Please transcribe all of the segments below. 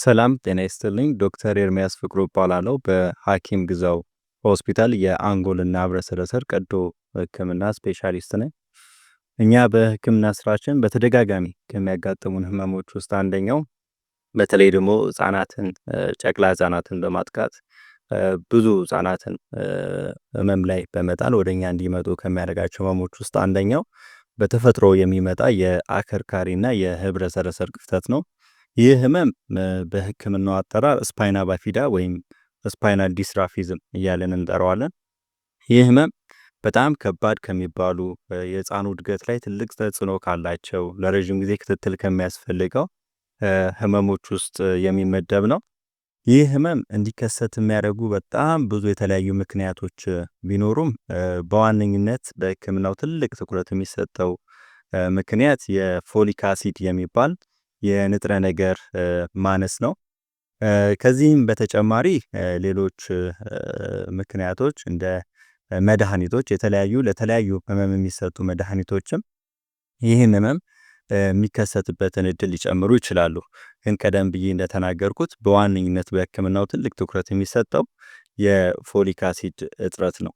ሰላም ጤና ይስጥልኝ። ዶክተር ኤርሚያስ ፍቅሩ እባላለሁ በሐኪም ግዛው ሆስፒታል የአንጎልና ህብረ ቀዶ ህክምና ስፔሻሊስት ነኝ። እኛ በህክምና ስራችን በተደጋጋሚ ከሚያጋጥሙን ህመሞች ውስጥ አንደኛው በተለይ ደግሞ ህጻናትን ጨቅላ ህጻናትን በማጥቃት ብዙ ህጻናትን ህመም ላይ በመጣል ወደ እኛ እንዲመጡ ከሚያደርጋቸው ህመሞች ውስጥ አንደኛው በተፈጥሮ የሚመጣ የአከርካሪና የህብረ ሰረሰር ክፍተት ነው። ይህ ህመም በህክምናው አጠራር ስፓይና ባፊዳ ወይም ስፓይና ዲስራፊዝም እያለን እንጠራዋለን። ይህ ህመም በጣም ከባድ ከሚባሉ የህፃኑ እድገት ላይ ትልቅ ተጽዕኖ ካላቸው ለረዥም ጊዜ ክትትል ከሚያስፈልገው ህመሞች ውስጥ የሚመደብ ነው። ይህ ህመም እንዲከሰት የሚያደርጉ በጣም ብዙ የተለያዩ ምክንያቶች ቢኖሩም በዋነኝነት በህክምናው ትልቅ ትኩረት የሚሰጠው ምክንያት የፎሊክ አሲድ የሚባል የንጥረ ነገር ማነስ ነው። ከዚህም በተጨማሪ ሌሎች ምክንያቶች እንደ መድኃኒቶች፣ የተለያዩ ለተለያዩ ህመም የሚሰጡ መድኃኒቶችም ይህን ህመም የሚከሰትበትን እድል ሊጨምሩ ይችላሉ። ግን ቀደም ብዬ እንደተናገርኩት በዋነኝነት በህክምናው ትልቅ ትኩረት የሚሰጠው የፎሊክ አሲድ እጥረት ነው።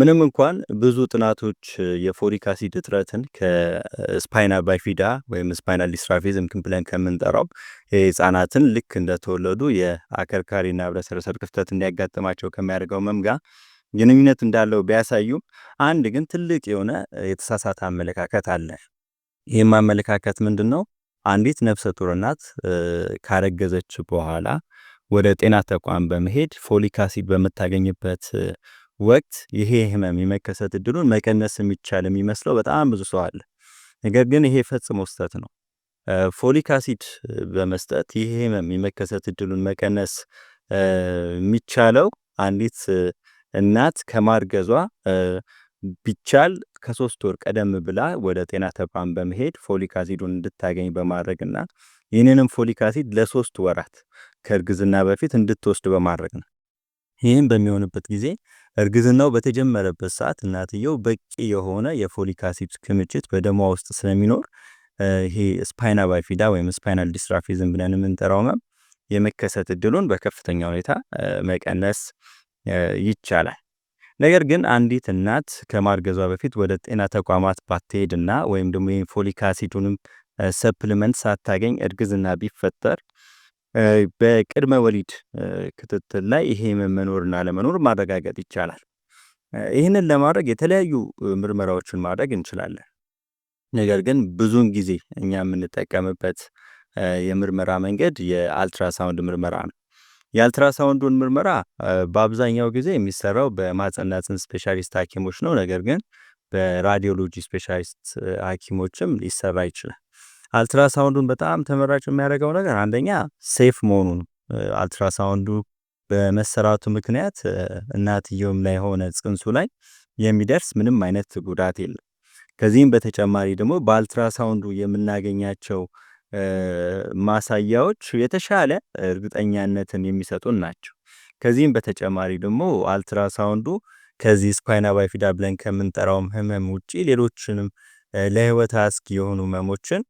ምንም እንኳን ብዙ ጥናቶች የፎሊክ አሲድ እጥረትን ከስፓይና ባይፊዳ ወይም ስፓይናል ዲስትራፊዝም ክንብለን ከምንጠራው የህፃናትን ልክ እንደተወለዱ የአከርካሪና ህብለሰረሰር ክፍተት እንዲያጋጥማቸው ከሚያደርገው መምጋ ግንኙነት እንዳለው ቢያሳዩም አንድ ግን ትልቅ የሆነ የተሳሳተ አመለካከት አለ። ይህም አመለካከት ምንድን ነው? አንዲት ነፍሰ ጡር እናት ካረገዘች በኋላ ወደ ጤና ተቋም በመሄድ ፎሊክ አሲድ በምታገኝበት ወቅት ይሄ ህመም የመከሰት እድሉን መቀነስ የሚቻል የሚመስለው በጣም ብዙ ሰው አለ። ነገር ግን ይሄ ፈጽሞ ስህተት ነው። ፎሊክ አሲድ በመስጠት ይሄ ህመም የመከሰት እድሉን መቀነስ የሚቻለው አንዲት እናት ከማርገዟ ቢቻል ከሶስት ወር ቀደም ብላ ወደ ጤና ተቋም በመሄድ ፎሊክ አሲዱን እንድታገኝ በማድረግና ይህንንም ፎሊክ አሲድ ለሶስት ወራት ከእርግዝና በፊት እንድትወስድ በማድረግ ነው። ይህም በሚሆንበት ጊዜ እርግዝናው በተጀመረበት ሰዓት እናትየው በቂ የሆነ የፎሊክ አሲድ ክምችት በደሟ ውስጥ ስለሚኖር ይሄ ስፓይና ባይፊዳ ወይም ስፓይናል ዲስትራፊዝም ብለን የምንጠራው መም የመከሰት እድሉን በከፍተኛ ሁኔታ መቀነስ ይቻላል። ነገር ግን አንዲት እናት ከማርገዟ በፊት ወደ ጤና ተቋማት ባትሄድና ወይም ደግሞ ይህን ፎሊክ አሲዱንም ሳታገኝ እርግዝና ቢፈጠር በቅድመ ወሊድ ክትትል ላይ ይሄ መኖርና ለመኖር ማረጋገጥ ይቻላል። ይህንን ለማድረግ የተለያዩ ምርመራዎችን ማድረግ እንችላለን። ነገር ግን ብዙውን ጊዜ እኛ የምንጠቀምበት የምርመራ መንገድ የአልትራሳውንድ ምርመራ ነው። የአልትራሳውንዱን ምርመራ በአብዛኛው ጊዜ የሚሰራው በማህጸንና ጽንስ ስፔሻሊስት ሐኪሞች ነው። ነገር ግን በራዲዮሎጂ ስፔሻሊስት ሐኪሞችም ሊሰራ ይችላል። አልትራሳውንዱን በጣም ተመራጭ የሚያደርገው ነገር አንደኛ ሴፍ መሆኑ ነው። አልትራሳውንዱ በመሰራቱ ምክንያት እናትየውም ላይ ሆነ ጽንሱ ላይ የሚደርስ ምንም አይነት ጉዳት የለም። ከዚህም በተጨማሪ ደግሞ በአልትራሳውንዱ የምናገኛቸው ማሳያዎች የተሻለ እርግጠኛነትን የሚሰጡን ናቸው። ከዚህም በተጨማሪ ደግሞ አልትራሳውንዱ ከዚህ ስኳይና ባይፊዳ ብለን ከምንጠራውም ህመም ውጪ ሌሎችንም ለህይወት አስጊ የሆኑ ህመሞችን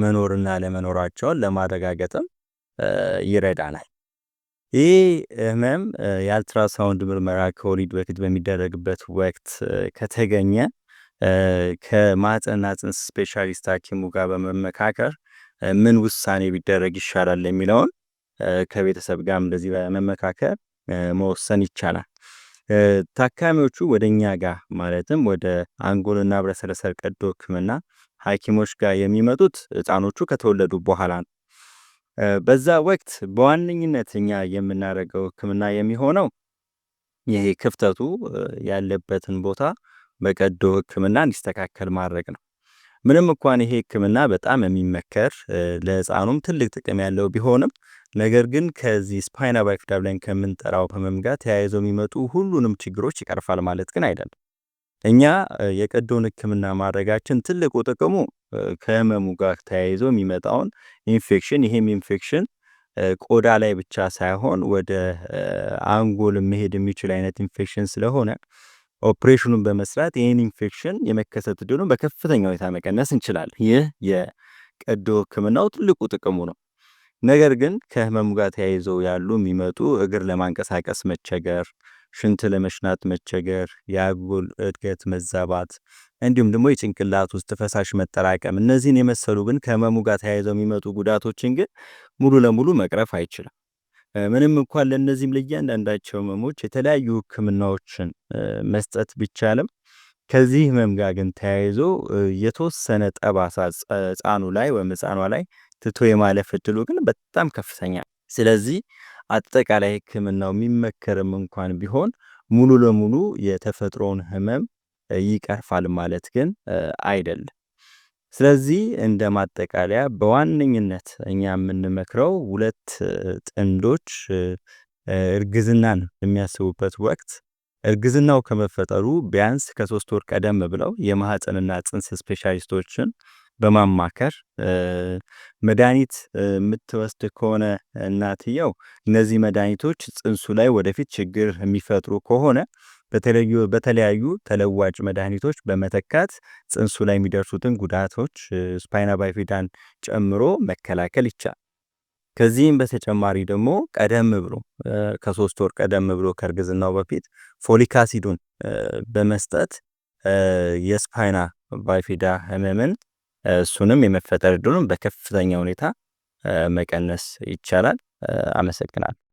መኖርና ለመኖራቸውን ለማረጋገጥም ይረዳናል። ይህ ህመም የአልትራሳውንድ ምርመራ ከወሊድ በፊት በሚደረግበት ወቅት ከተገኘ ከማህፀንና ጽንስ ስፔሻሊስት ሐኪሙ ጋር በመመካከር ምን ውሳኔ ቢደረግ ይሻላል የሚለውን ከቤተሰብ ጋር እንደዚህ በመመካከር መወሰን ይቻላል። ታካሚዎቹ ወደ እኛ ጋር ማለትም ወደ አንጎልና ህብለሰረሰር ቀዶ ህክምና ሐኪሞች ጋር የሚመጡት ህፃኖቹ ከተወለዱ በኋላ ነው። በዛ ወቅት በዋነኝነት እኛ የምናደርገው ህክምና የሚሆነው ይሄ ክፍተቱ ያለበትን ቦታ በቀዶ ህክምና እንዲስተካከል ማድረግ ነው። ምንም እንኳን ይሄ ህክምና በጣም የሚመከር ለህፃኑም ትልቅ ጥቅም ያለው ቢሆንም ነገር ግን ከዚህ ስፓይና ባይፊዳ ብለን ከምንጠራው ህመም ጋር ተያይዞ የሚመጡ ሁሉንም ችግሮች ይቀርፋል ማለት ግን አይደለም። እኛ የቀዶን ህክምና ማድረጋችን ትልቁ ጥቅሙ ከህመሙ ጋር ተያይዞ የሚመጣውን ኢንፌክሽን ይሄም ኢንፌክሽን ቆዳ ላይ ብቻ ሳይሆን ወደ አንጎል መሄድ የሚችል አይነት ኢንፌክሽን ስለሆነ ኦፕሬሽኑን በመስራት ይህን ኢንፌክሽን የመከሰት ዕድሉን በከፍተኛ ሁኔታ መቀነስ እንችላለን። ይህ የቀዶ ህክምናው ትልቁ ጥቅሙ ነው። ነገር ግን ከህመሙ ጋር ተያይዘው ያሉ የሚመጡ እግር ለማንቀሳቀስ መቸገር፣ ሽንት ለመሽናት መቸገር፣ የአጉል እድገት መዛባት እንዲሁም ደግሞ የጭንቅላት ውስጥ ፈሳሽ መጠራቀም፣ እነዚህን የመሰሉ ግን ከህመሙ ጋር ተያይዘው የሚመጡ ጉዳቶችን ግን ሙሉ ለሙሉ መቅረፍ አይችልም። ምንም እንኳን ለእነዚህም ለእያንዳንዳቸው ህመሞች የተለያዩ ህክምናዎችን መስጠት ቢቻልም ከዚህ ህመም ጋር ግን ተያይዞ የተወሰነ ጠባሳ ህፃኑ ላይ ወይም ህፃኗ ላይ ትቶ የማለፍ እድሉ ግን በጣም ከፍተኛ። ስለዚህ አጠቃላይ ህክምናው የሚመከርም እንኳን ቢሆን ሙሉ ለሙሉ የተፈጥሮውን ህመም ይቀርፋል ማለት ግን አይደለም። ስለዚህ እንደ ማጠቃለያ በዋነኝነት እኛ የምንመክረው ሁለት ጥንዶች እርግዝናን በሚያስቡበት ወቅት እርግዝናው ከመፈጠሩ ቢያንስ ከሶስት ወር ቀደም ብለው የማህፀንና ጽንስ ስፔሻሊስቶችን በማማከር መድኃኒት የምትወስድ ከሆነ እናትየው እነዚህ መድኃኒቶች ጽንሱ ላይ ወደፊት ችግር የሚፈጥሩ ከሆነ በተለያዩ ተለዋጭ መድኃኒቶች በመተካት ጽንሱ ላይ የሚደርሱትን ጉዳቶች ስፓይና ባይፊዳን ጨምሮ መከላከል ይቻላል። ከዚህም በተጨማሪ ደግሞ ቀደም ብሎ ከሶስት ወር ቀደም ብሎ ከእርግዝናው በፊት ፎሊክ አሲዱን በመስጠት የስፓይና ባይፊዳ ህመምን እሱንም የመፈጠር እድሉን በከፍተኛ ሁኔታ መቀነስ ይቻላል። አመሰግናለሁ።